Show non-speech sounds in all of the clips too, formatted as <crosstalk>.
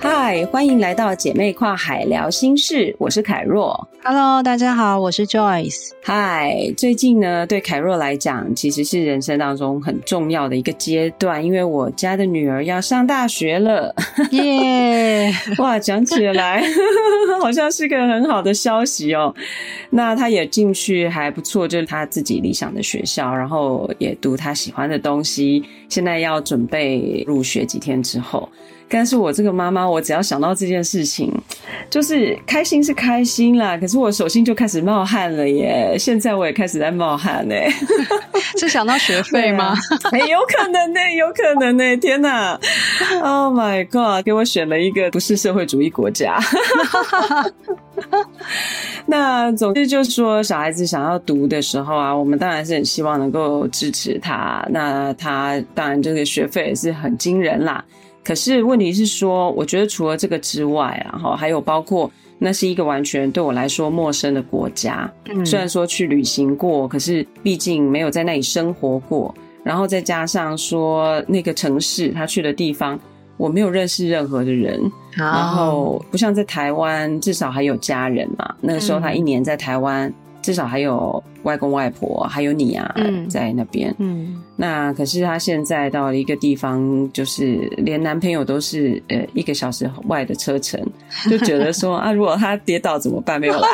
嗨，對 Hi, 歡迎來到姐妹跨海聊心事，我是凱若。Hello，大家好，我是 Joyce。嗨，最近呢，對凱若來講，其實是人生當中很重要的一個階段，因為我家的女兒要上大學了。耶，Yeah. <laughs> 哇，講起來 <laughs> 好像是個很好的消息哦。那她也進去還不錯，就是她自己理想的學校，然後也讀她喜歡的東西。現在要準備入學幾天之後。但是我這個媽媽，我只要想到這件事情，就是開心是開心啦，可是我手心就開始冒汗了耶。現在我也開始在冒汗呢， <laughs> 是想到學費嗎？哎、啊欸，有可能呢，有可能呢。天哪，Oh my God！給我選了一個不是社會主義國家。 <laughs> <laughs> 那總之就是說，小孩子想要讀的時候啊，我們當然是很希望能夠支持他。那他當然這個學費也是很驚人啦。可是問題是說，我覺得除了這個之外啊，然後還有包括那是一個完全對我來說陌生的國家。嗯，雖然說去旅行過，可是畢竟沒有在那裡生活過。然後再加上說，那個城市他去的地方。我沒有認識任何的人，oh. 然後不像在台灣，至少還有家人嘛。那個時候他一年在台灣，嗯、至少還有外公外婆，還有你啊，嗯、在那邊。嗯，那可是他現在到了一個地方，就是連男朋友都是呃一個小時外的車程，就覺得說 <laughs> 啊，如果他跌倒怎麼辦？沒有來，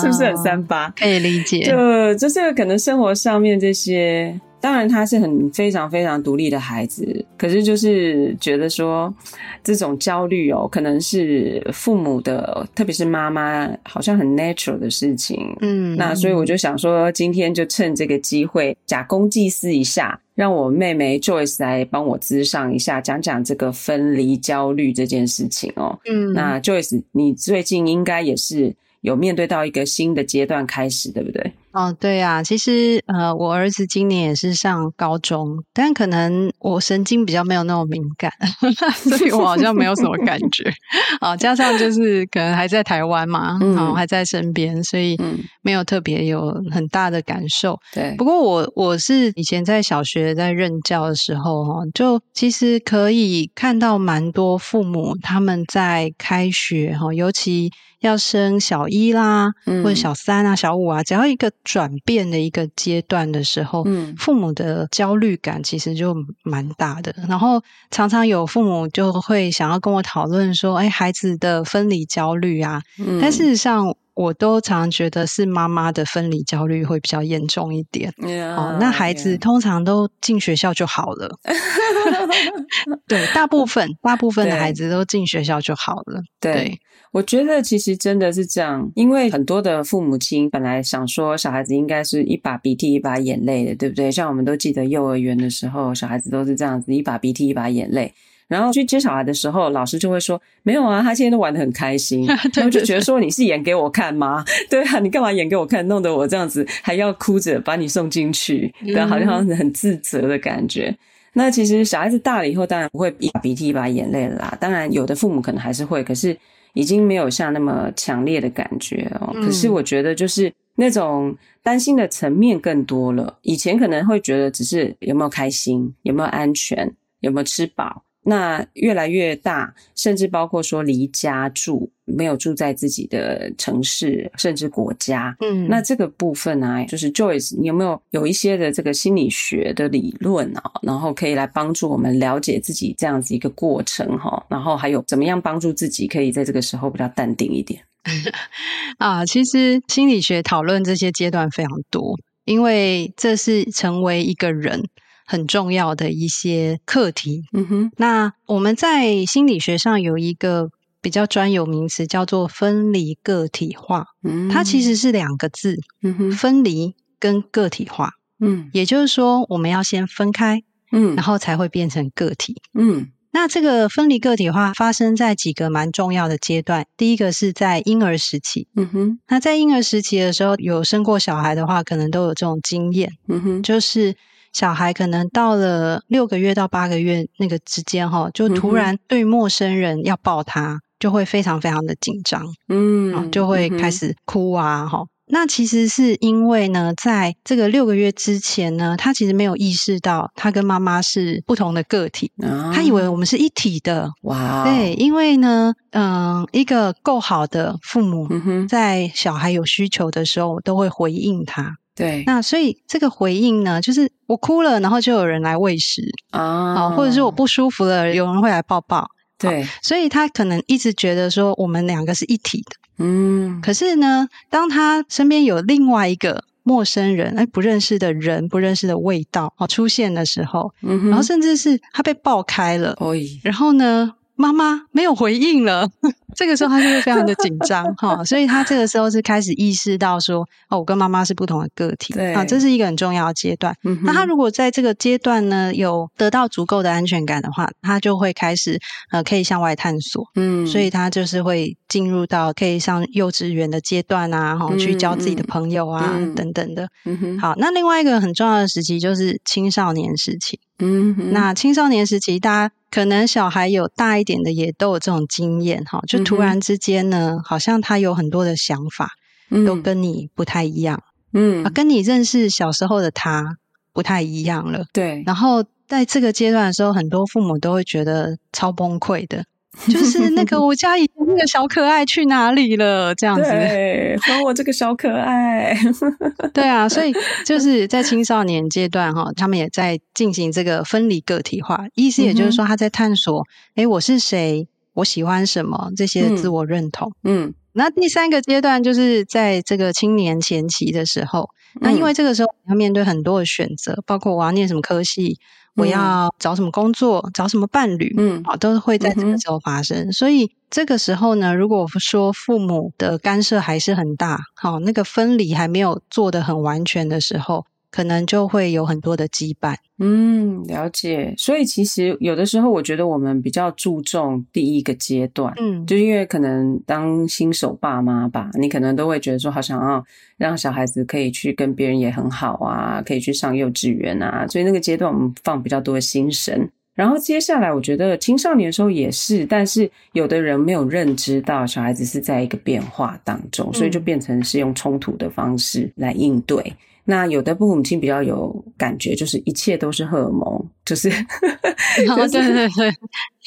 是不是很三八？可以理解，就就是可能生活上面這些。當然，他是很非常非常獨立的孩子，可是就是覺得說，這種焦慮哦，可能是父母的，特別是媽媽，好像很 natural 的事情。嗯，那所以我就想說，今天就趁這個機會，假公濟私一下，讓我妹妹 Joyce 來幫我諮商一下，講講這個分離焦慮這件事情哦。嗯，那 Joyce，你最近應該也是有面對到一個新的階段開始，對不對？哦，對呀、啊，其實呃，我兒子今年也是上高中，但可能我神經比較沒有那麼敏感，呵呵，所以我好像沒有什麼感覺 <laughs> 哦，加上就是可能還在台灣嘛，哈、嗯哦，還在身邊，所以沒有特別有很大的感受。對、嗯，不過我我是以前在小學在任教的時候，哈、哦，就其實可以看到蠻多父母他們在開學哈、哦，尤其要升小一啦，嗯、或者小三啊、小五啊，只要一個。轉變的一個階段的時候，嗯、父母的焦慮感其實就蠻大的，然後常常有父母就會想要跟我討論說：“哎，孩子的分離焦慮啊。嗯”但事實上。我都常覺得是媽媽的分離焦慮會比較嚴重一點，yeah, yeah. 哦，那孩子通常都進學校就好了。 <laughs> 對，大部分大部分的孩子都進學校就好了。對，對對，我覺得其實真的是這樣，因為很多的父母親本來想說小孩子應該是一把鼻涕一把眼淚的，對不對？像我們都記得幼兒園的時候，小孩子都是這樣子，一把鼻涕一把眼淚。然後去接小孩的時候，老師就會說：“沒有啊，他現在都玩得很開心。”他們就覺得說：“你是演給我看嗎？ <laughs> 對啊，你幹嘛演給我看？弄得我這樣子還要哭着把你送進去，對，好像很自責的感覺。嗯”那其實小孩子大了以後，當然不會一把鼻涕一把眼淚了啦。當然，有的父母可能還是會，可是已經沒有像那麼強烈的感覺哦。嗯、可是我覺得，就是那種擔心的層面更多了。以前可能會覺得只是有沒有開心，有沒有安全，有沒有吃飽。那越來越大，甚至包括說離家住，沒有住在自己的城市，甚至國家。嗯，那這個部分呢、啊，就是 Joyce，你有沒有有一些的這個心理學的理論啊、哦？然後可以來幫助我們了解自己這樣子一個過程哈、哦。然後還有怎麼樣幫助自己可以在這個時候比較淡定一點？ <laughs> 啊，其實心理學討論這些階段非常多，因為這是成為一個人。很重要的一些課題。嗯哼，那我們在心理學上有一個比較專有名詞，叫做分離個體化。嗯哼，它其實是兩個字。嗯哼，分離跟個體化。嗯，也就是說，我們要先分開。嗯，然後才會變成個體。嗯，那這個分離個體化發生在幾個蠻重要的階段。第一個是在嬰兒時期。嗯哼，那在嬰兒時期的時候，有生過小孩的話，可能都有這種經驗。嗯哼，就是。小孩可能到了六個月到八個月那個之間哈，就突然對陌生人要抱他，就會非常非常的緊張，嗯，就會開始哭啊吼。那其實是因為呢，在這個六個月之前呢，他其實沒有意識到他跟媽媽是不同的個體，他以為我們是一體的哇。對，因為呢，嗯、呃，一個夠好的父母，在小孩有需求的時候都會回應他。對，那所以這個回應呢，就是我哭了，然後就有人來餵食啊，或者是我不舒服了，有人會來抱抱。對、啊，所以他可能一直覺得說我們兩個是一體的，嗯。可是呢，當他身邊有另外一個陌生人，哎，不認識的人，不認識的味道啊出現的時候，嗯哼，然後甚至是他被抱開了，可以。然後呢？媽媽沒有回應了， <laughs> 這個時候他就會非常的緊張哈、 <laughs> 哦，所以他這個時候是開始意識到說哦，我跟媽媽是不同的個體，啊對、哦，這是一個很重要的階段。嗯、哼那他如果在這個階段呢，有得到足夠的安全感的話，他就會開始呃，可以向外探索，嗯，所以他就是會進入到可以上幼稚園的階段啊，哈、哦，去交自己的朋友啊嗯嗯等等的。嗯、哼好，那另外一個很重要的時期就是青少年時期。嗯， <noise> 那青少年時期，大家可能小孩有大一點的，也都有這種經驗哈，就突然之間呢，好像他有很多的想法，嗯，都跟你不太一樣，嗯，跟你認識小時候的他不太一樣了，對。然後在這個階段的時候，很多父母都會覺得超崩潰的。 <laughs> 就是那個我家以前那個小可愛去哪裡了？這樣子對，和我這個小可愛， <laughs> 對啊，所以就是在青少年階段哈，他們也在進行這個分離個體化，意思也就是說他在探索，誒、嗯哼欸、我是誰，我喜歡什麼這些自我認同。嗯，那、嗯、第三個階段就是在這個青年前期的時候，嗯、那因為這個時候要面對很多的選擇，包括我要念什麼科系。我要找什麼工作，嗯、找什麼伴侶，嗯，都會在這個時候發生。嗯、哼所以這個時候呢，如果說父母的干涉還是很大，好、哦，那個分離還沒有做得很完全的時候。可能就會有很多的羈絆，嗯，了解。所以其實有的時候，我覺得我們比較注重第一個階段，嗯，就是因為可能當新手爸媽吧，你可能都會覺得說，好想要讓小孩子可以去跟別人也很好啊，可以去上幼稚園啊，所以那個階段我們放比較多的心神。然後接下來，我覺得青少年的時候也是，但是有的人沒有認知到小孩子是在一個變化當中，嗯，所以就變成是用衝突的方式來應對。那有的父母親比較有感覺，就是一切都是荷爾蒙，就是呵、 <laughs> 就是哦，對對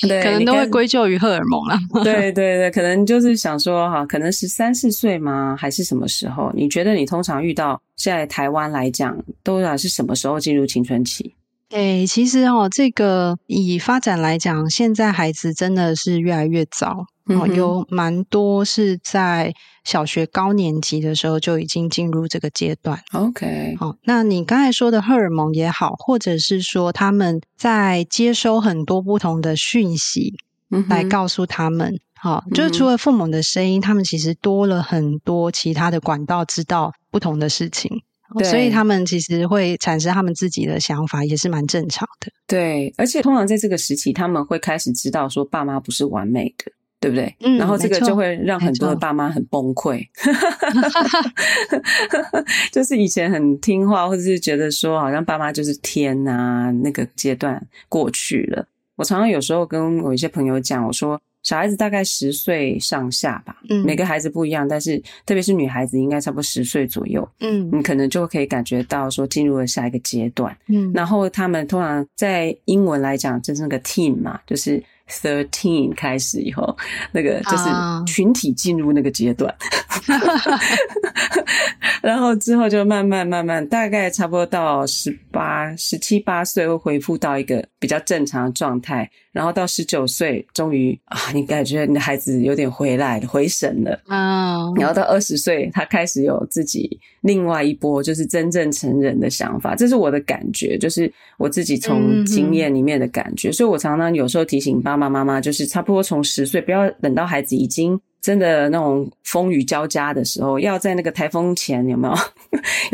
對，對可能都會歸咎於荷爾蒙啦對對對，可能就是想說哈，可能十三四歲嗎？還是什麼時候？你覺得你通常遇到現在台灣來講，都是是什麼時候進入青春期？誒，其實哦，這個以發展來講，現在孩子真的是越來越早，哦、嗯哼，有蠻多是在小學高年級的時候就已經進入這個階段。OK，好，那你剛才說的荷爾蒙也好，或者是說他們在接收很多不同的訊息，嗯，來告訴他們，哈、嗯哼，就除了父母的聲音，他們其實多了很多其他的管道，知道不同的事情。對所以他們其實會產生他們自己的想法，也是蠻正常的。對，而且通常在這個時期，他們會開始知道說爸媽不是完美的，對不對？嗯，然後這個錯就會讓很多的爸媽很崩潰， <laughs> 就是以前很聽話，或者是覺得說好像爸媽就是天啊，那個階段過去了。我常常有時候跟我一些朋友講，我說。小孩子大概十歲上下吧，嗯，每個孩子不一樣，但是特別是女孩子，應該差不多十歲左右，嗯，你可能就可以感覺到說，進入了下一個階段，嗯，然後他們通常在英文來講就是那個 teen 嘛，就是 thirteen 開始以後，那個就是群體進入那個階段，啊、 <laughs> 然後之後就慢慢慢慢，大概差不多到十八、十七八歲會恢復到一個比較正常的狀態。然後到十九歲，終於啊，你感覺你的孩子有點回來、回神了啊。Oh. 然後到二十歲，他開始有自己另外一波，就是真正成人的想法。這是我的感覺，就是我自己從經驗裡面的感覺。Mm hmm. 所以，我常常有時候提醒爸爸媽媽，媽，就是差不多從十歲，不要等到孩子已經。真的那種風雨交加的時候，要在那個颱風前有沒有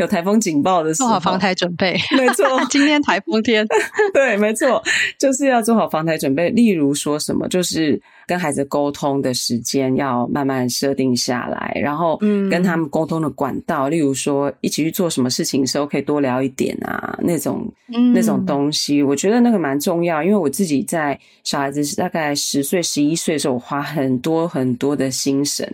<laughs> 有颱風警報的時候做好防台準備？沒錯， <laughs> 今天颱風天， <laughs> 對，沒錯，就是要做好防台準備。例如說什麼，就是。跟孩子溝通的時間要慢慢設定下來，然後跟他們溝通的管道，嗯、例如說一起去做什麼事情的時候，可以多聊一點啊，那種、嗯、那種東西，我覺得那個蠻重要。因為我自己在小孩子大概十歲、十一歲的時候，我花很多很多的心神。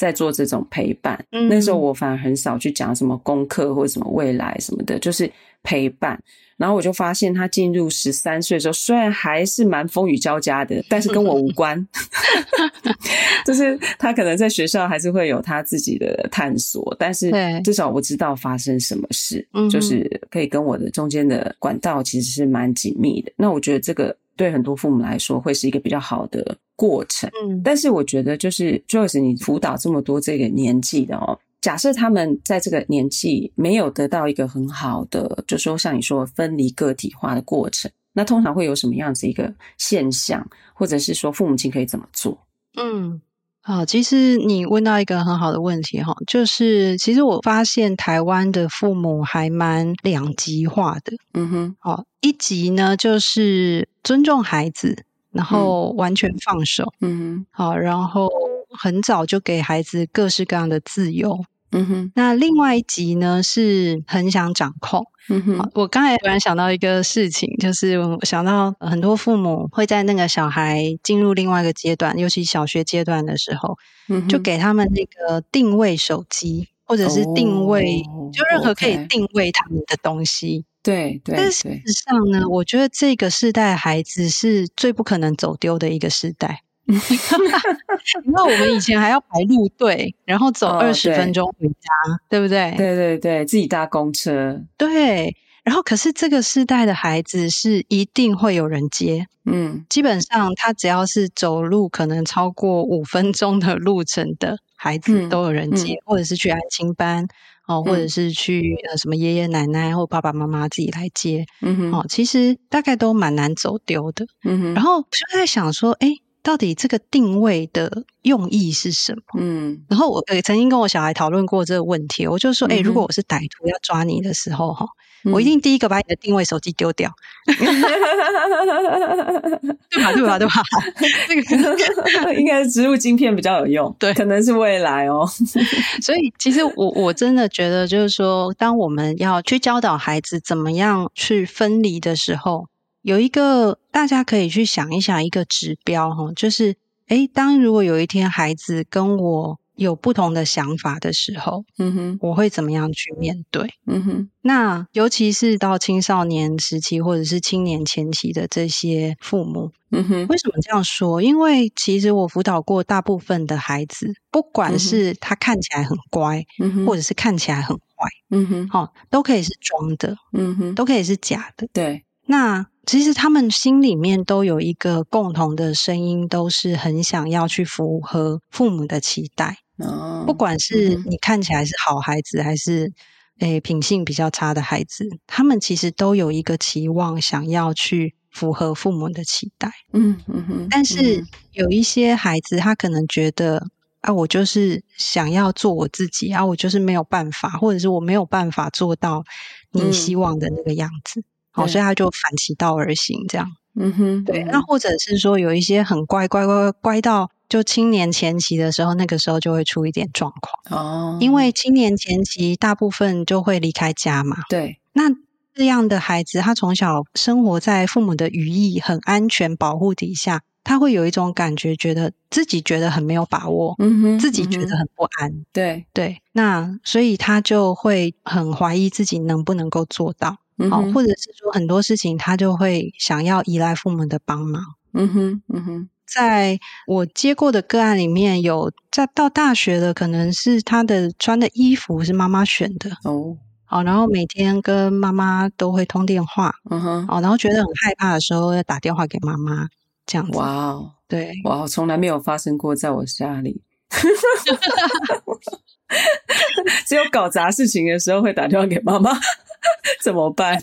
在做這種陪伴，嗯、哼那時候我反而很少去講什麼功課或者什麼未來什麼的，就是陪伴。然後我就發現他進入十三歲的時候，雖然還是蠻風雨交加的，但是跟我無關。 <laughs> <laughs> 就是他可能在學校還是會有他自己的探索，但是至少我知道發生什麼事，嗯、哼就是可以跟我的中間的管道，其實是蠻緊密的。那我覺得這個。對很多父母來說，會是一個比較好的過程。嗯，但是我覺得就是 Joyce，你輔導這麼多這個年紀的哦，假設他們在這個年紀沒有得到一個很好的，就是說像你說分離個體化的過程，那通常會有什麼樣子一個現象，或者是說父母親可以怎麼做？嗯。好，其實你問到一個很好的問題哈，就是其實我發現台灣的父母還蠻兩極化的，嗯哼，好，一極呢就是尊重孩子，然後完全放手，嗯，嗯哼，好，然後很早就給孩子各式各樣的自由。嗯哼，那另外一集呢是很想掌控。嗯哼，我剛才突然想到一個事情，就是我想到很多父母會在那個小孩進入另外一個階段，尤其小學階段的時候，嗯、哼就給他們那個定位手機，或者是定位，哦、就任何可以定位他們的東西。對、哦 okay、對。對對，但事實上呢，我覺得這個世代孩子是最不可能走丟的一個世代。 <laughs> 你看，你看，我們以前還要排路隊，然後走二十分鐘回家，哦、對，對不對？對對對，自己搭公車。對，然後可是這個世代的孩子是一定會有人接，嗯，基本上他只要是走路可能超過五分鐘的路程的孩子都有人接，嗯嗯、或者是去安親班哦，或者是去什麼爺爺奶奶或爸爸媽媽自己來接，嗯哼，哦，其實大概都蠻難走丟的，嗯哼，然後就在想說，哎。到底這個定位的用意是什麼？嗯，然後我曾經跟我小孩討論過這個問題，我就說，誒、欸、如果我是歹徒要抓你的時候，哈、嗯，我一定第一個把你的定位手機丟掉，嗯、 <laughs> 對吧？對吧？對吧？這 <laughs> 個應該是植入晶片比較有用，對，可能是未來哦。 <laughs> 所以其實我我真的覺得，就是說，當我們要去教導孩子怎麼樣去分離的時候。有一個大家可以去想一想一個指標哈，就是，誒，當如果有一天孩子跟我有不同的想法的時候，嗯哼，我會怎麼樣去面對？嗯哼，那尤其是到青少年時期或者是青年前期的這些父母，嗯哼，為什麼這樣說？因為其實我輔導過大部分的孩子，不管是他看起來很乖，嗯哼，或者是看起來很壞，嗯哼，都可以是裝的，嗯哼，都可以是假的，對，那。其實他們心裡面都有一個共同的聲音，都是很想要去符合父母的期待。不管是你看起來是好孩子，還是誒品性比較差的孩子，他們其實都有一個期望，想要去符合父母的期待。嗯嗯嗯。嗯嗯，但是有一些孩子，他可能覺得，啊，我就是想要做我自己啊，我就是沒有辦法，或者是我沒有辦法做到你希望的那個樣子。嗯所以他就反其道而行，這樣。嗯哼，對。那或者是說，有一些很乖，乖，乖乖乖到就青年前期的時候，那個時候就會出一點狀況。哦，因為青年前期大部分就會離開家嘛。對。那這樣的孩子，他從小生活在父母的羽翼很安全保護底下，他會有一種感覺，覺得自己覺得很沒有把握。嗯哼。自己覺得很不安。嗯、對對。那所以他就會很懷疑自己能不能夠做到。嗯，或者是說很多事情他就會想要依賴父母的幫忙。嗯哼，嗯哼，在我接過的個案裡面有，在到大學的可能是他的穿的衣服是媽媽選的。哦，哦，然後每天跟媽媽都會通電話。嗯哼，哦，然後覺得很害怕的時候要打電話給媽媽這樣子。哇哦，對，哇，從來沒有發生過在我家裡， <laughs> 只有搞砸事情的時候會打電話給媽媽。 <laughs> 怎麼辦？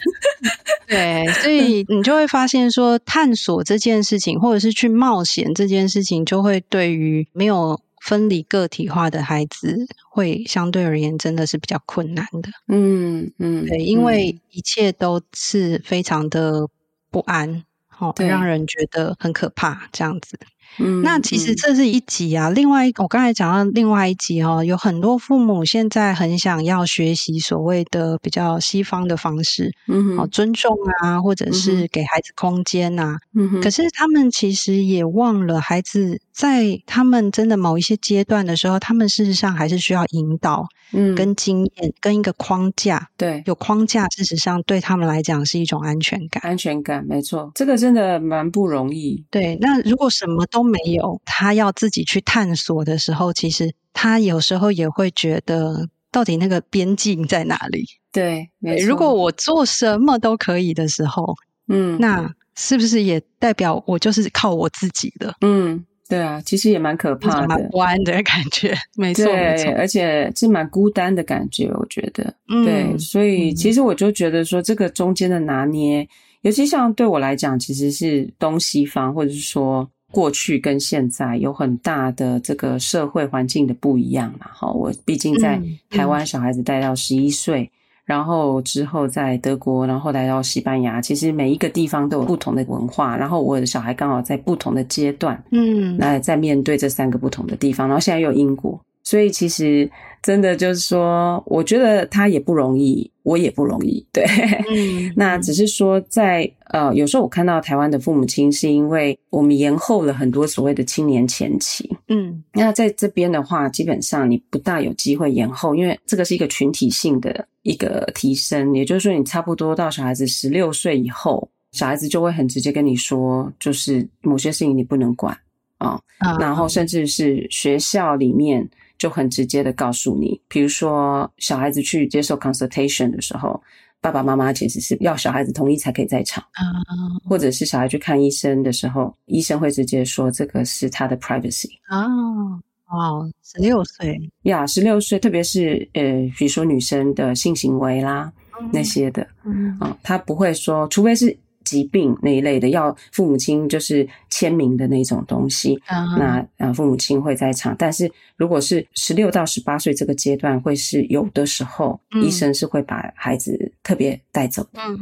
對，所以你就會發現說，說探索這件事情，或者是去冒險這件事情，就會對於沒有分離個體化的孩子，會相對而言真的是比較困難的。嗯嗯，嗯對，因為一切都是非常的不安，哦對，讓人覺得很可怕，這樣子。那其實這是一集啊，嗯嗯、另外我剛才講到另外一集哦，有很多父母現在很想要學習所謂的比較西方的方式，嗯哼，好尊重啊，或者是給孩子空間吶、啊，嗯哼，可是他們其實也忘了孩子。在他們真的某一些階段的時候，他們事實上還是需要引導，嗯，跟經驗，嗯、跟一個框架，對，有框架事實上對他們來講是一種安全感，安全感沒錯，這個真的蠻不容易。對，那如果什麼都沒有，他要自己去探索的時候，其實他有時候也會覺得，到底那個邊境在哪裡？對，如果我做什麼都可以的時候，嗯，那是不是也代表我就是靠我自己的？嗯。對啊，其實也蠻可怕的，蠻不安的感覺，沒錯，沒錯。對，而且是蠻孤單的感覺，我覺得。嗯、對，所以其實我就覺得說，這個中間的拿捏，嗯、尤其像對我來講，其實是東西方，或者是說過去跟現在有很大的這個社會環境的不一樣嘛。然後，我畢竟在台灣，小孩子帶到十一歲。嗯嗯然後之後在德國，然後來到西班牙，其實每一個地方都有不同的文化。然後我的小孩剛好在不同的階段，嗯，來再面對這三個不同的地方，然後現在又有英國。所以其實真的就是說，我覺得他也不容易，我也不容易。對，嗯、 <laughs> 那只是說在呃，有時候我看到台灣的父母親，是因為我們延後了很多所謂的青年前期。嗯，那在這邊的話，基本上你不大有機會延後，因為這個是一個群體性的一個提升。也就是說，你差不多到小孩子十六歲以後，小孩子就會很直接跟你說，就是某些事情你不能管啊。嗯、哦哦，然後甚至是學校裡面。就很直接的告訴你，比如說小孩子去接受 consultation 的時候，爸爸媽媽其實是要小孩子同意才可以在場啊，oh. 或者是小孩去看醫生的時候，醫生會直接說這個是他的 privacy 啊，哦、oh. wow.，十六歲呀，十六歲，特別是呃，比如說女生的性行為啦、mm hmm. 那些的，啊、mm hmm. 哦，他不會說，除非是。疾病那一類的，要父母親就是簽名的那種東西。Uh huh. 那父母親會在場。但是如果是十六到十八歲這個階段，會是有的時候，嗯、醫生是會把孩子特別帶走的。嗯、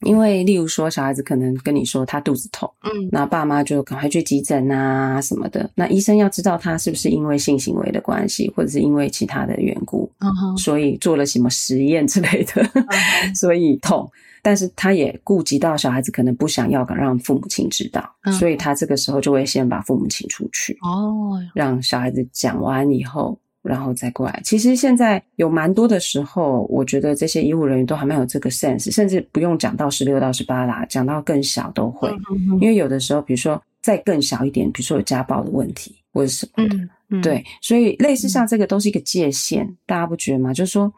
因為，例如說，小孩子可能跟你說他肚子痛，嗯、那爸媽就趕快去急診啊什麼的。那醫生要知道他是不是因為性行為的關係，或者是因為其他的緣故，uh huh. 所以做了什麼實驗之類的，uh huh. <laughs> 所以痛。但是他也顧及到小孩子可能不想要讓父母親知道，嗯、所以他這個時候就會先把父母請出去，哦，讓小孩子講完以後，然後再過來。其實現在有蠻多的時候，我覺得這些醫務人員都還蠻有這個 sense，甚至不用講到十六到十八啦，講到更小都會，嗯嗯嗯，因為有的時候，比如說再更小一點，比如說有家暴的問題，或者什麼的，嗯嗯對，所以類似像這個都是一個界限，嗯、大家不覺得嗎？就是說，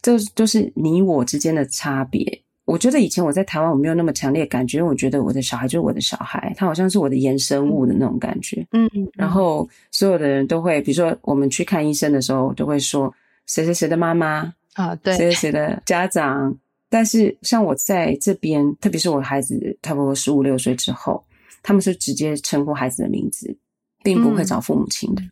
這就是你我之間的差別。我覺得以前我在台灣，我沒有那麼強烈的感覺。我覺得我的小孩就是我的小孩，他好像是我的延伸物的那種感覺。嗯，嗯，然後所有的人都會，比如說我們去看醫生的時候，都會說誰誰誰的媽媽啊，對，誰誰誰的家長。但是像我在這邊，特別是我的孩子差不多十五六歲之後，他們是直接稱呼孩子的名字，並不會找父母親的。嗯，嗯。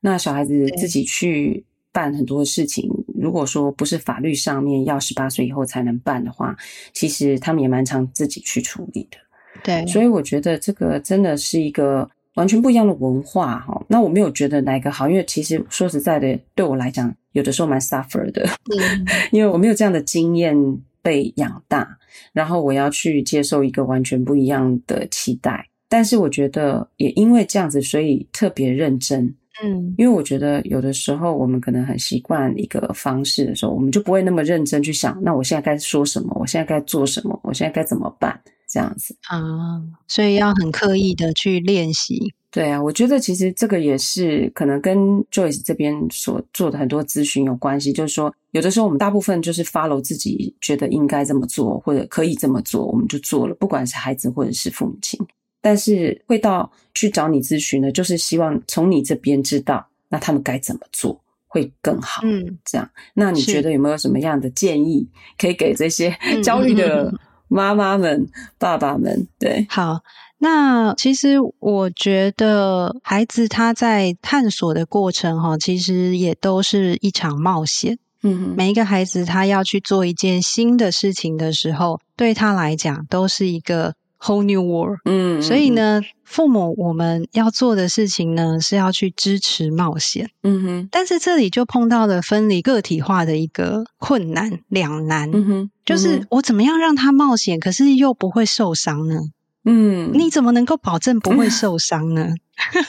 那小孩子自己去辦很多的事情。如果說不是法律上面要十八歲以後才能辦的話，其實他們也蠻常自己去處理的。對，所以我覺得這個真的是一個完全不一樣的文化哈、哦。那我沒有覺得哪一個好，因為其實說實在的，對我來講，有的時候蠻 suffer 的，嗯、 <laughs> 因為我沒有這樣的經驗被養大，然後我要去接受一個完全不一樣的期待。但是我覺得也因為這樣子，所以特別認真。嗯，因為我覺得有的時候我們可能很習慣一個方式的時候，我們就不會那麼認真去想。那我現在該說什麼？我現在該做什麼？我現在該怎麼辦？這樣子。啊，所以要很刻意的去練習。對啊，我覺得其實這個也是可能跟 Joyce 這邊所做的很多諮詢有關係。就是說，有的時候我們大部分就是 follow 自己覺得應該這麼做或者可以這麼做，我們就做了。不管是孩子或者是父母親。但是會到去找你諮詢呢，就是希望從你這邊知道，那他們該怎麼做會更好。嗯，這樣，那你覺得有沒有什麼樣的建議可以給這些焦慮的媽媽們、嗯嗯嗯、爸爸們？對，好。那其實我覺得孩子他在探索的過程哈、哦，其實也都是一場冒險。嗯，嗯每一個孩子他要去做一件新的事情的時候，對他來講都是一個。Whole new world，嗯，所以呢，嗯、父母我們要做的事情呢，是要去支持冒險，嗯哼。但是這裡就碰到了分離個體化的一個困難，兩難，嗯哼，就是我怎麼樣讓他冒險，可是又不會受傷呢？嗯，你怎麼能夠保證不會受傷呢？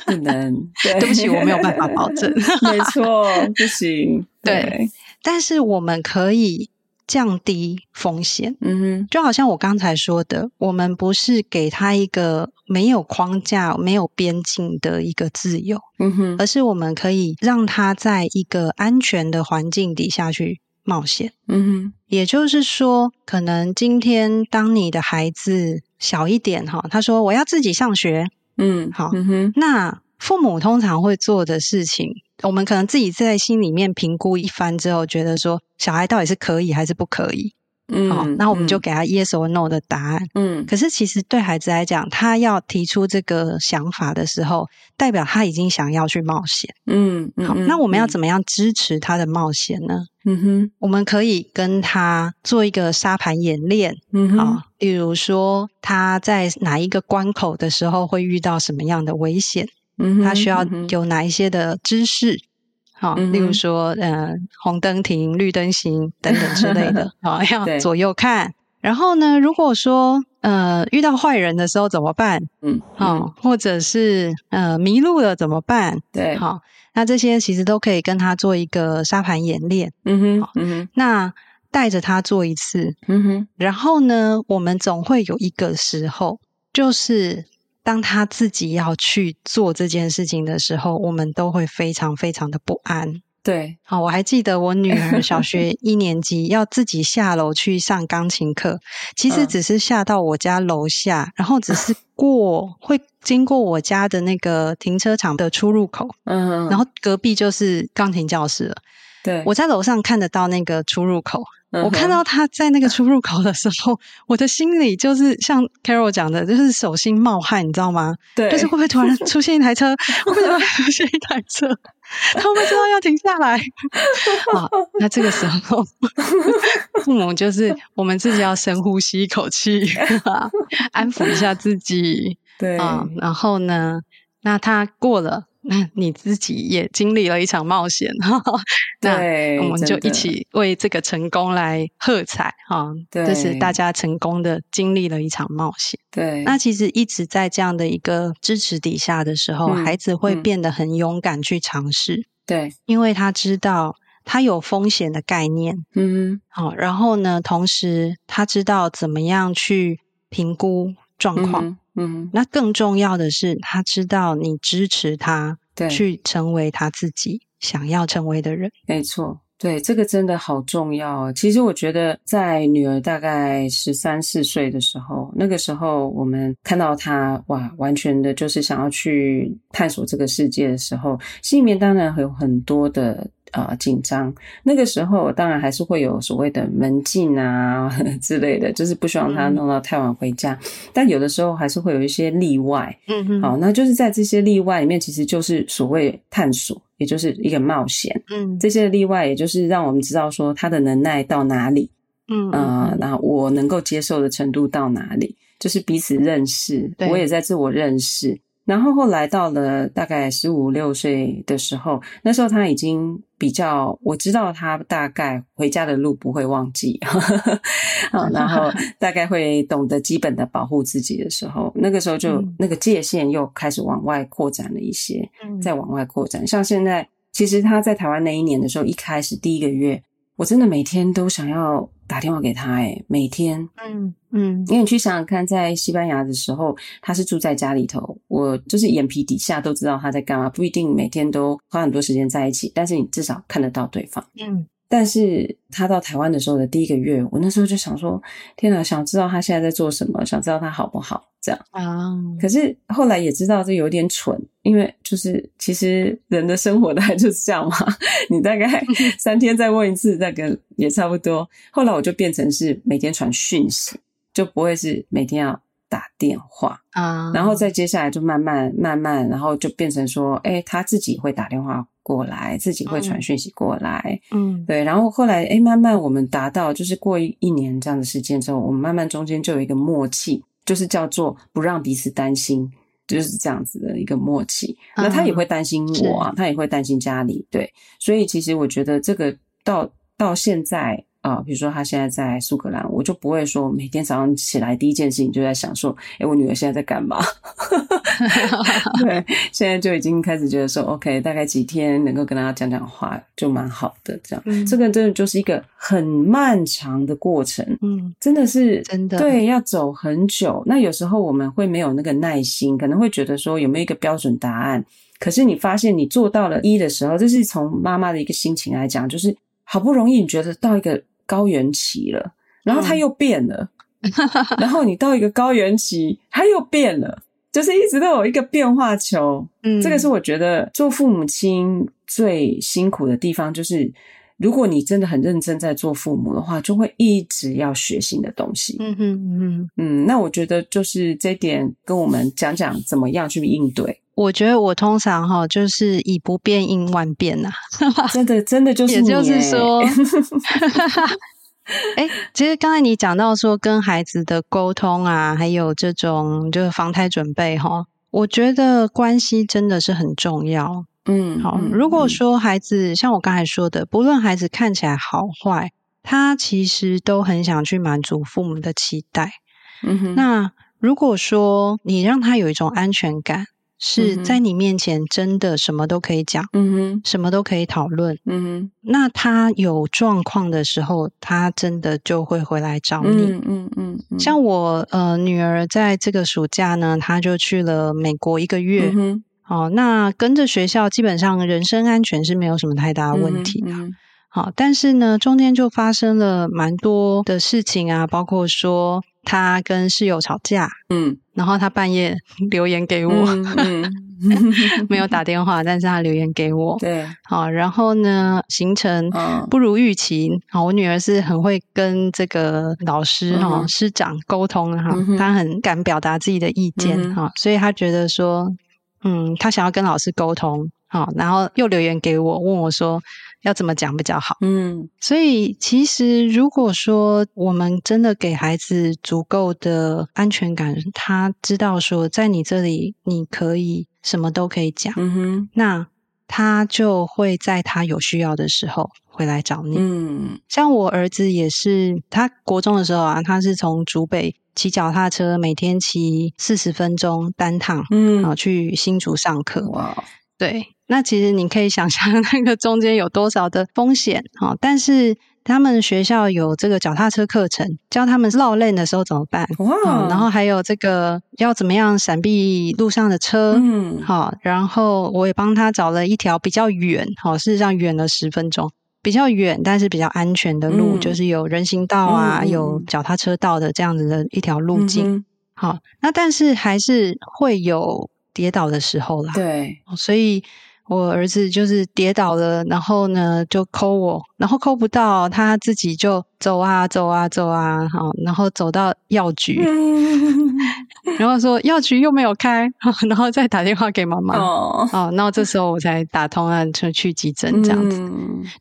嗯、 <laughs> 不能，對， <laughs> 對不起，我沒有辦法保證， <laughs> 沒錯，不行，對。對但是我們可以。降低風險，嗯哼，就好像我剛才說的，我們不是給他一個沒有框架、沒有邊境的一個自由，嗯哼，而是我們可以讓他在一個安全的環境底下去冒險，嗯哼。也就是說，可能今天當你的孩子小一點哈，他說我要自己上學，嗯，好，嗯哼，那。父母通常會做的事情，我們可能自己在心裡面評估一番之後，覺得說小孩到底是可以還是不可以，嗯、哦，那我們就給他 yes or no 的答案，嗯。可是其實對孩子來講，他要提出這個想法的時候，代表他已經想要去冒險，嗯，嗯，好，嗯，那我們要怎麼樣支持他的冒險呢？嗯哼，我們可以跟他做一個沙盤演練，嗯哼，哦，例如說他在哪一個關口的時候會遇到什麼樣的危險。他需要有哪一些的知識？好，例如說，嗯，紅燈停，綠燈行等等之類的。好，要左右看。然後呢，如果說，呃，遇到壞人的時候怎麼辦？嗯，好，或者是，呃，迷路了怎麼辦？對，好，那這些其實都可以跟他做一個沙盤演練。嗯哼，好，嗯哼，那帶着他做一次。嗯哼，然後呢，我們總會有一個時候，就是。當他自己要去做這件事情的時候，我們都會非常非常的不安。對，好，我還記得我女兒小學一年級 <laughs> 要自己下樓去上鋼琴課，其實只是下到我家樓下，然後只是過 <laughs> 會經過我家的那個停車場的出入口，嗯， <laughs> 然後隔壁就是鋼琴教室了。對，我在樓上看得到那個出入口。我看到他在那個出入口的時候，嗯、哼我的心裡就是像 Carol 講的，就是手心冒汗，你知道嗎？對，就是會不會突然出現一台車？ <laughs> 會不會突然出現一台車？他們知道要停下來。啊、哦，那這個時候，父母、 <laughs> <laughs> 嗯、就是我們自己要深呼吸一口氣、啊，安撫一下自己。對啊、嗯，然後呢，那他過了。那你自己也經歷了一場冒險， <laughs> 那我們就一起為這個成功來喝彩哈！對，這是大家成功的經歷了一場冒險。對，那其實一直在這樣的一個支持底下的時候，嗯，孩子會變得很勇敢去嘗試。對，因為他知道他有風險的概念。嗯哼，好，然後呢，同時他知道怎麼樣去評估狀況。嗯嗯， <noise> 那更重要的是，他知道你支持他，對，去成為他自己想要成為的人。沒錯，對，這個真的好重要。其實我覺得，在女兒大概十三四歲的時候，那個時候我們看到她哇，完全的就是想要去探索這個世界的時候，心裡面當然有很多的。啊，緊張、呃。那個時候當然還是會有所謂的門禁啊呵呵之類的，就是不希望他弄到太晚回家。嗯、但有的時候還是會有一些例外。嗯嗯哼。好，那就是在這些例外裡面，其實就是所謂探索，也就是一個冒險。嗯，這些例外也就是讓我們知道說他的能耐到哪裡。嗯哼。啊、呃，然後我能夠接受的程度到哪裡，就是彼此認識，嗯、我也在自我認識。然後後來到了大概十五六歲的時候，那時候他已經比較，我知道他大概回家的路不會忘記啊， <laughs> 然後大概會懂得基本的保護自己的時候，那個時候就、嗯、那個界限又開始往外擴展了一些，嗯、再往外擴展。像現在，其實他在台灣那一年的時候，一開始第一個月，我真的每天都想要。打電話給他，欸，哎，每天，嗯嗯，嗯，因為你去想想看，在西班牙的時候，他是住在家裡頭，我就是眼皮底下都知道他在幹嘛，不一定每天都花很多時間在一起，但是你至少看得到對方，嗯。但是他到台灣的時候的第一個月，我那時候就想說：“天哪，想知道他現在在做什麼，想知道他好不好，這樣。”啊，可是後來也知道這有點蠢，因為就是其實人的生活大概就是這樣嘛，你大概三天再問一次，再跟也差不多。後來我就變成是每天傳訊息，就不會是每天要。打電話啊，uh. 然後再接下來就慢慢慢慢，然後就變成說，哎、欸，他自己會打電話過來，自己會傳訊息過來，嗯，um. 對，然後後來哎、欸，慢慢我們達到就是過一一年這樣的時間之後，我們慢慢中間就有一個默契，就是叫做不讓彼此擔心，就是這樣子的一個默契。Uh. 那他也會擔心我，是他也會擔心家裡，對，所以其實我覺得這個到到現在。啊、哦，比如說他現在在蘇格蘭，我就不會說每天早上起來第一件事情就在想說，哎、欸，我女兒現在在幹嘛？對 <laughs> <laughs> <laughs> 現在就已經開始覺得說，OK，大概幾天能夠跟他講講話就蠻好的。這樣，嗯、這個真的就是一個很漫長的過程，嗯，真的是真的對，要走很久。那有時候我們會沒有那個耐心，可能會覺得說有沒有一個標準答案？可是你發現你做到了一的時候，這是從媽媽的一個心情來講，就是好不容易你覺得到一個。高原期了，然後他又變了，嗯、 <laughs> 然後你到一個高原期，他又變了，就是一直都有一個變化球。嗯，這個是我覺得做父母親最辛苦的地方，就是如果你真的很認真在做父母的話，就會一直要學新的東西。嗯哼嗯哼嗯，那我覺得就是這一點，跟我們講講怎麼樣去應對。我覺得我通常哈，就是以不變應萬變吶、啊，真的真的就是你、欸。也就是說、 <laughs> <laughs> 欸，誒其實剛才你講到說跟孩子的溝通啊，還有這種就是防颱準備哈，我覺得關係真的是很重要。嗯，好，嗯、如果說孩子、嗯、像我剛才說的，不論孩子看起來好壞，他其實都很想去滿足父母的期待。嗯哼，那如果說你讓他有一種安全感。是在你面前真的什麼都可以講，嗯哼什麼都可以討論，嗯哼那他有狀況的時候，他真的就會回來找你，嗯嗯嗯。嗯嗯嗯像我呃女兒在這個暑假呢，她就去了美國一個月，嗯哼哦、那跟着學校，基本上人身安全是沒有什麼太大的問題的、嗯嗯嗯哦。但是呢，中間就發生了蠻多的事情啊，包括說她跟室友吵架，嗯。然後他半夜留言給我，嗯，嗯、 <laughs> 沒有打電話，但是他留言給我。對，好，然後呢，行程不如預期。哦，我女兒是很會跟這個老師哈、嗯、哼師長溝通的哈，她很敢表達自己的意見哈，嗯、哼所以她覺得說，嗯，她想要跟老師溝通，好，然後又留言給我，問我說。要怎麼講比較好？嗯，所以其實如果說我們真的給孩子足夠的安全感，他知道說在你這裡，你可以什麼都可以講，嗯哼，那他就會在他有需要的時候回來找你。嗯，像我兒子也是，他國中的時候啊，他是從竹北騎腳踏車，每天騎四十分鐘單趟，嗯，然後、啊、去新竹上課。哇對，那其實你可以想象那個中間有多少的風險哈，但是他們學校有這個腳踏車課程，教他們落鍊的時候怎麼辦？哇然後還有這個要怎麼樣閃避路上的車？嗯，好。然後我也幫他找了一條比較遠，好，事實上遠了十分鐘，比較遠但是比較安全的路，嗯、就是有人行道啊，嗯、有腳踏車道的這樣子的一條路徑。嗯、哼好，那但是還是會有。跌倒的時候啦，對，所以我兒子就是跌倒了，然後呢就 call 我，然後 call 不到，他自己就走啊走啊走啊，好、啊，然後走到藥局，嗯、然後說藥局又沒有開，然後再打電話給媽媽，哦，那這時候我才打通了，就去急診、嗯、這樣子，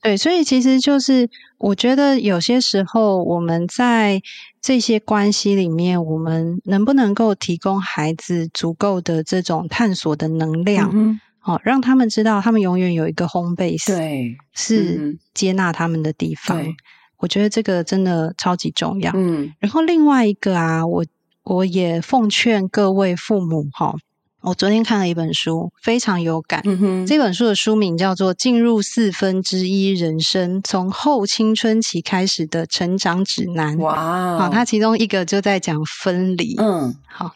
對，所以其實就是我覺得有些時候我們在。這些關係裡面，我們能不能夠提供孩子足夠的這種探索的能量？好、嗯哼哦，讓他們知道，他們永遠有一個 home base，e 是接納他們的地方。嗯、哼我覺得這個真的超級重要。對然後另外一個啊，我我也奉勸各位父母哈。哦我昨天看了一本書，非常有感。嗯哼，這本書的書名叫做《進入四分之一人生：從後青春期開始的成長指南》。哇哦，好，它其中一個就在講分離。嗯，好，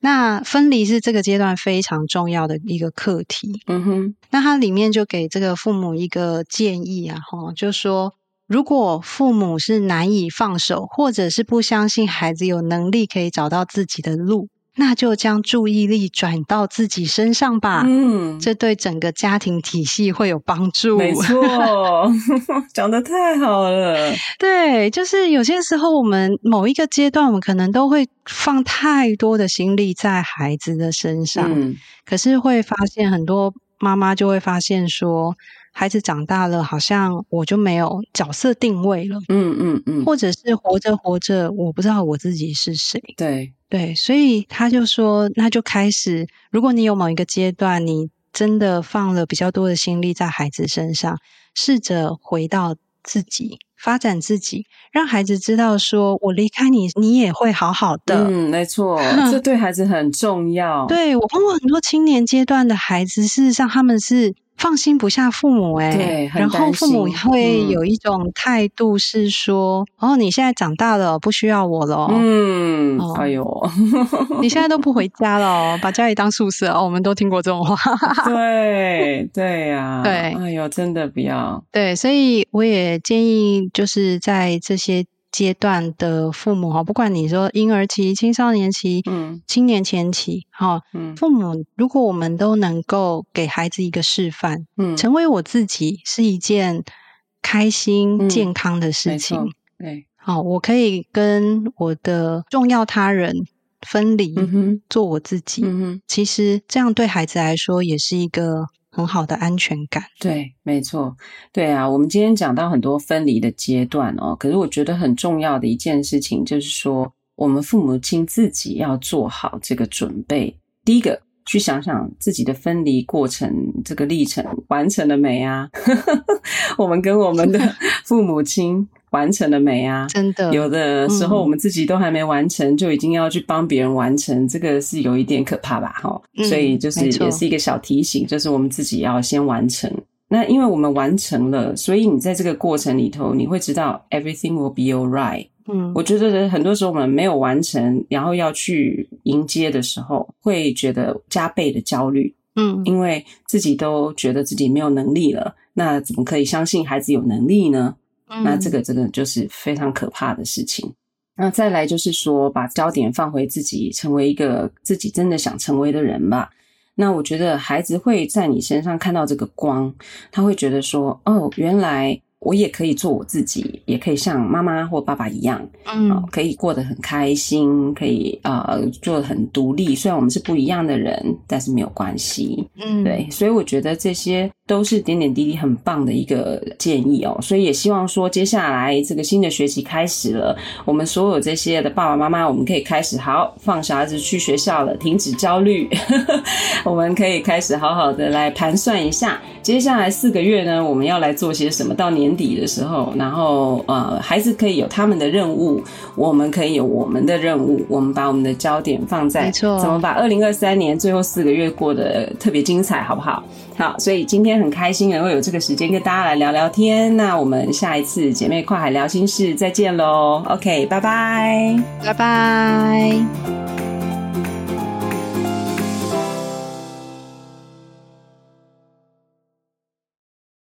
那分離是這個階段非常重要的一個課題。嗯哼，那它裡面就給這個父母一個建議啊，哈，就說如果父母是難以放手，或者是不相信孩子有能力可以找到自己的路。那就將注意力轉到自己身上吧。嗯，這對整個家庭體系會有幫助。沒錯，講得太好了。 <laughs> 對，就是有些時候我們某一個階段，我們可能都會放太多的心力在孩子的身上。嗯，可是會發現很多媽媽就會發現說。孩子長大了，好像我就沒有角色定位了。嗯嗯嗯，嗯嗯或者是活着活着，我不知道我自己是誰。對對，所以他就說，那就開始。如果你有某一個階段，你真的放了比較多的心力在孩子身上，試着回到自己，發展自己，讓孩子知道說，說我離開你，你也會好好的。嗯，沒錯，這、嗯、對孩子很重要。對我看過很多青年階段的孩子，事實上他們是。放心不下父母哎、欸，對，然後父母會有一種態度是說：“嗯、哦，你現在長大了，不需要我了。”嗯，哦、哎呦， <laughs> 你現在都不回家了，把家裡當宿舍。哦，我們都聽過這種話。 <laughs> 對，對呀、啊， <laughs> 對，哎呦，真的不要。對，所以我也建議就是在這些，階段的父母哈，不管你說嬰兒期、青少年期、青年前期哈，嗯、父母，如果我們都能夠給孩子一個示範，嗯，成為我自己是一件開心、健康的事情，對、嗯，好，哎、我可以跟我的重要他人分離，嗯哼，做我自己，嗯哼，其實這樣對孩子來說也是一個。很好的安全感，對，沒錯，對啊，我們今天講到很多分離的階段哦，可是我覺得很重要的一件事情就是說，我們父母親自己要做好這個準備。第一個，去想想自己的分離過程，這個歷程，完成了沒啊？ <laughs> 我們跟我們的父母親。 <laughs> 完成了沒啊？真的，有的時候我們自己都還沒完成，嗯、就已經要去幫別人完成，這個是有一點可怕吧？哈、嗯，所以就是也是一個小提醒，沒錯。就是我們自己要先完成。那因為我們完成了，所以你在這個過程裡頭，你會知道 everything will be alright。嗯，我覺得很多時候我們沒有完成，然後要去迎接的時候，會覺得加倍的焦慮。嗯，因為自己都覺得自己沒有能力了，那怎麼可以相信孩子有能力呢？那這個這個就是非常可怕的事情。那再來就是說，把焦點放回自己，成為一個自己真的想成為的人吧。那我覺得孩子會在你身上看到這個光，他會覺得說：“哦，原來。”我也可以做我自己，也可以像媽媽或爸爸一樣，嗯、哦，可以過得很開心，可以呃，做得很獨立。雖然我們是不一樣的人，但是沒有關係，嗯，對。所以我覺得這些都是點點滴滴很棒的一個建議哦。所以也希望說，接下來這個新的學期開始了，我們所有這些的爸爸媽媽，我們可以開始，好，放小孩子去學校了，停止焦慮， <laughs> 我們可以開始好好的來盤算一下。接下來四個月呢，我們要來做些什麼？到年底的時候，然後呃，孩子可以有他們的任務，我們可以有我們的任務，我們把我們的焦點放在怎麼把二零二三年最後四個月過得特別精彩，好不好？好，所以今天很開心能有這個時間跟大家來聊聊天。那我們下一次姐妹跨海聊心事再見嘍。OK，拜拜，拜拜。